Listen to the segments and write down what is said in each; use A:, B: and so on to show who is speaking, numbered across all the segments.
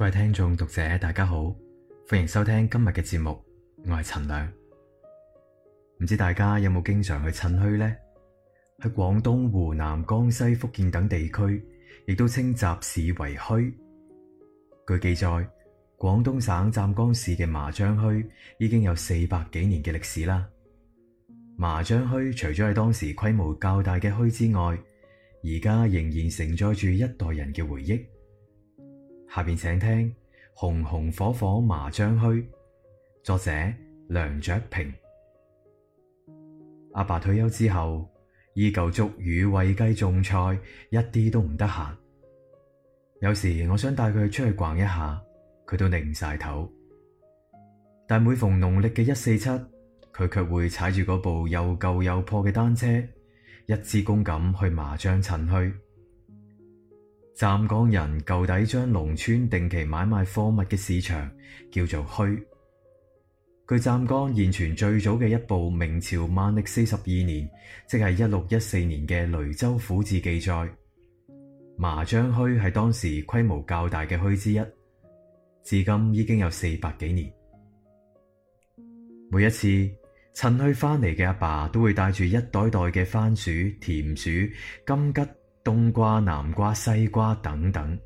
A: 各位聽眾讀者，大家好，歡迎收聽今日嘅節目，我係陳亮。唔知大家有冇經常去趁墟呢？喺廣東、湖南、江西、福建等地區，亦都稱集市為墟。據記載，廣東省湛江市嘅麻章墟已經有四百幾年嘅歷史啦。麻章墟除咗係當時規模較大嘅墟之外，而家仍然承載住一代人嘅回憶。下邊請聽《紅紅火火麻將墟》，作者梁卓平。阿爸，爸退休之後，依舊捉魚喂雞種菜，一啲都唔得閒。有時我想帶佢出去逛一下，佢都擰晒頭。但每逢農曆嘅一四七，佢卻會踩住嗰部又舊又破嘅單車，一支公咁去麻將趁墟。湛江人舊底將農村定期買賣貨物嘅市場叫做墟。據湛江現存最早嘅一部明朝萬曆四十二年，即係一六一四年嘅雷州府志記載，麻章墟係當時規模較大嘅墟之一，至今已經有四百幾年。每一次趁墟翻嚟嘅阿爸都會帶住一袋袋嘅番薯、甜薯、柑橘。冬瓜、南瓜、西瓜等等，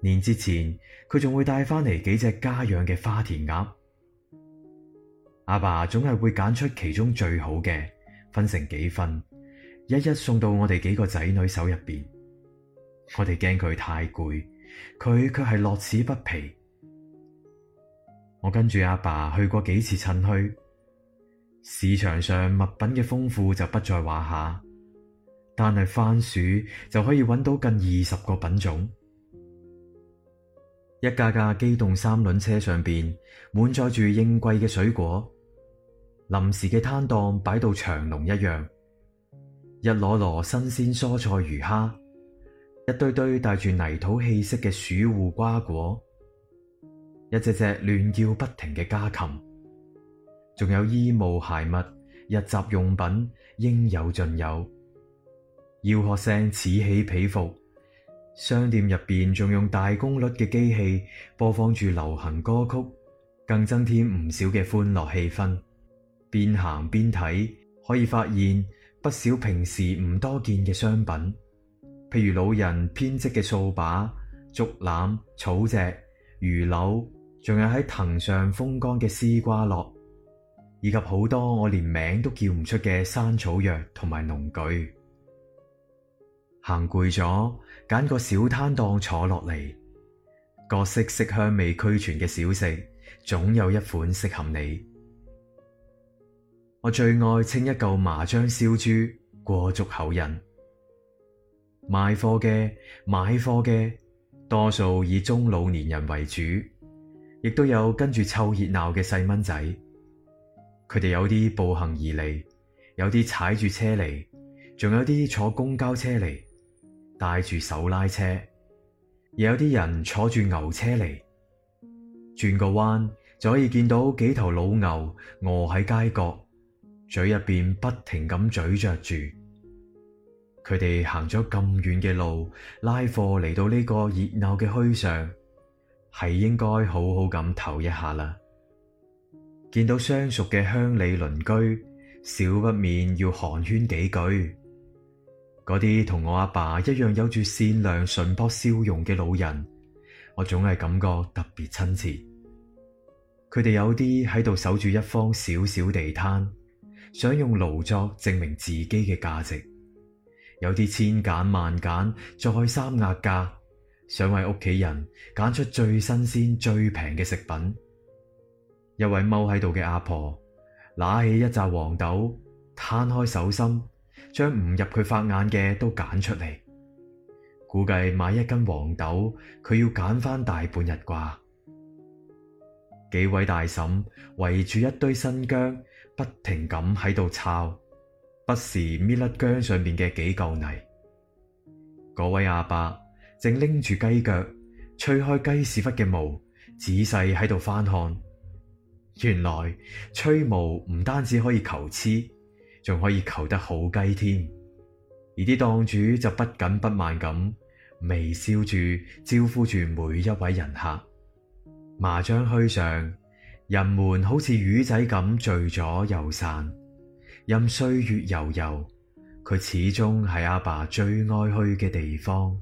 A: 年節前佢仲會帶返嚟幾隻家養嘅花田鴨。阿爸總係會揀出其中最好嘅，分成幾份，一一送到我哋幾個仔女手入邊。我哋驚佢太攰，佢卻係樂此不疲。我跟住阿爸去過幾次趁墟，市場上物品嘅豐富就不在話下。但係番薯就可以揾到近二十個品種。一架架機動三輪車上邊滿載住應季嘅水果，臨時嘅攤檔擺到長龍一樣，一籮籮新鮮蔬菜魚蝦，一堆堆帶住泥土氣息嘅薯芋瓜果，一隻隻亂叫不停嘅家禽，仲有衣帽鞋襪、日雜用品，應有盡有。要喝聲此起彼伏，商店入邊仲用大功率嘅機器播放住流行歌曲，更增添唔少嘅歡樂氣氛。邊行邊睇，可以發現不少平時唔多見嘅商品，譬如老人編織嘅掃把、竹籃、草席、魚簍，仲有喺藤上風乾嘅絲瓜絡，以及好多我連名都叫唔出嘅山草藥同埋農具。行攰咗，揀個小攤檔坐落嚟，各色色香味俱全嘅小食，總有一款適合你。我最愛清一嚿麻章燒豬，過足口癮。賣貨嘅、買貨嘅，多數以中老年人為主，亦都有跟住湊熱鬧嘅細蚊仔。佢哋有啲步行而嚟，有啲踩住車嚟，仲有啲坐公交車嚟。帶住手拉車，有啲人坐住牛車嚟，轉個彎就可以見到幾頭老牛卧喺街角，嘴入邊不停咁咀嚼住。佢哋行咗咁遠嘅路，拉貨嚟到呢個熱鬧嘅墟上，係應該好好咁唞一下啦。見到相熟嘅鄉里鄰居，少不免要寒暄幾句。嗰啲同我阿爸一樣有住善良淳樸笑容嘅老人，我總係感覺特別親切。佢哋有啲喺度守住一方小小地攤，想用勞作證明自己嘅價值；有啲千揀萬揀再三壓價，想為屋企人揀出最新鮮最平嘅食品。一位踎喺度嘅阿婆，拿起一紮黃豆，攤開手心。將唔入佢法眼嘅都揀出嚟，估計買一斤黃豆佢要揀翻大半日啩。幾位大嬸圍住一堆新薑，不停咁喺度抄，不時搣甩薑上面嘅幾舊泥。嗰位阿伯正拎住雞腳，吹開雞屎忽嘅毛，仔細喺度翻看。原來吹毛唔單止可以求疵。仲可以求得好雞添，而啲檔主就不緊不慢咁微笑住招呼住每一位人客。麻章墟上，人們好似魚仔咁聚咗又散。任歲月悠悠，佢始終係阿爸最愛去嘅地方。